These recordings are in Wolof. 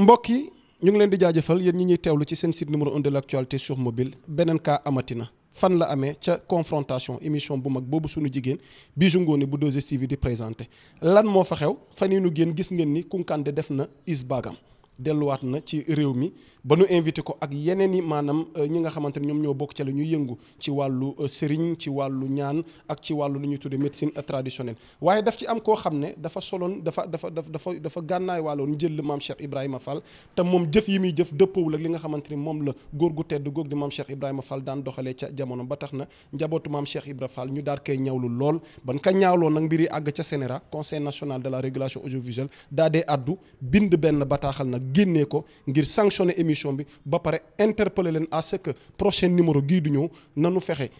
mbokk yi ñu ngi leen di jaajëfal yéen ñi ñuy teewlu ci seen site numéro 1 de sur mobile beneen amati na fan la amee ca confrontation émission bu mag boobu suñu jigéen Bijou Ngoné bu 2STV di présenté lan moo fa xew fan yi nu génn gis ngeen ni Kounkandé def na is baagam delluwaat na ci réew mi ba nu invité ko ak yeneen i maanaam euh, ñi nga xamante ne ñoom ñoo bokk ca la ñu yëngu ci wàllu euh, sëriñ ci wàllu ñaan ak ci wàllu lu ñuy tuddee médecine traditionnelle waaye daf ci am koo xam ne dafa soloon dafa dafa dafa dafa gànnaay waaloon jël maam Cheikh Ibrahima Fall te moom jëf yi muy jëf dëppawul ak li nga xamante ni moom la góor gu tedd góog di maam Cheikh Ibrahima Fall daan doxalee ca jamono ba tax na njabootu maam Cheikh Ibrahima Fall ñu daal koy ñawlu lool ban ka ñaawloo nag mbiri àgg ca CNRA conseil national de la régulation audiovisuelle daa dee addu bind benn bataaxal nag génnee ko ngir sanctionner émission bi ba pare interpeller leen à ce que prochain numéro gii du ñëw nanu fexe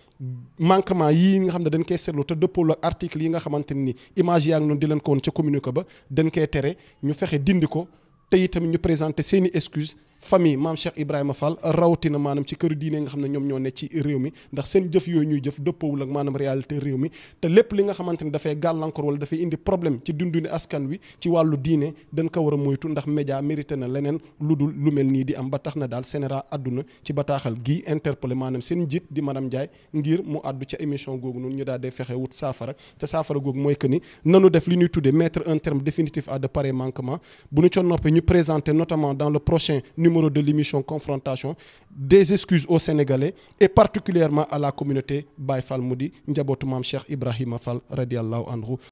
manquement yii nga xam ne dañ koy seetlu te dëppoolu ak article yi nga xamante ni image yaa ngi noonu di leen ko woon ca communiqué ba dañ koy tere ñu fexe dindi ko te tamit ñu présenter seeni excuse famille maam Cheikh Ibrahima Fall rawatina maanaam ci kër diine nga xam ne ñoom ñoo ne ci réew mi ndax seen jëf yooyu ñuy jëf dëppoowul ak maanaam réalité réew mi te lépp li nga xamante ni dafay gàllankoor wala dafay indi problème ci dunduni askan wi ci wàllu diine dañ ko war a moytu ndax média mérité na leneen lu dul lu mel nii di am ba tax na daal Sénéra àdduna ci bataaxal gii interpellé maanaam seen njiit di madame Ndiaye ngir mu àddu ca émission googu noonu ñu daal di fexe saafara te saafara googu mooy ni nanu def li ñuy tuddee mettre un terme définitif à de pareils manquements bu ñu ca noppee ñu le prochain numéro de l'émission Confrontation des excuses au Sénégalais et particulièrement à la communauté Baye Fall mu di njabootu maam Cheikh Ibrahima Fall radiallahu anhu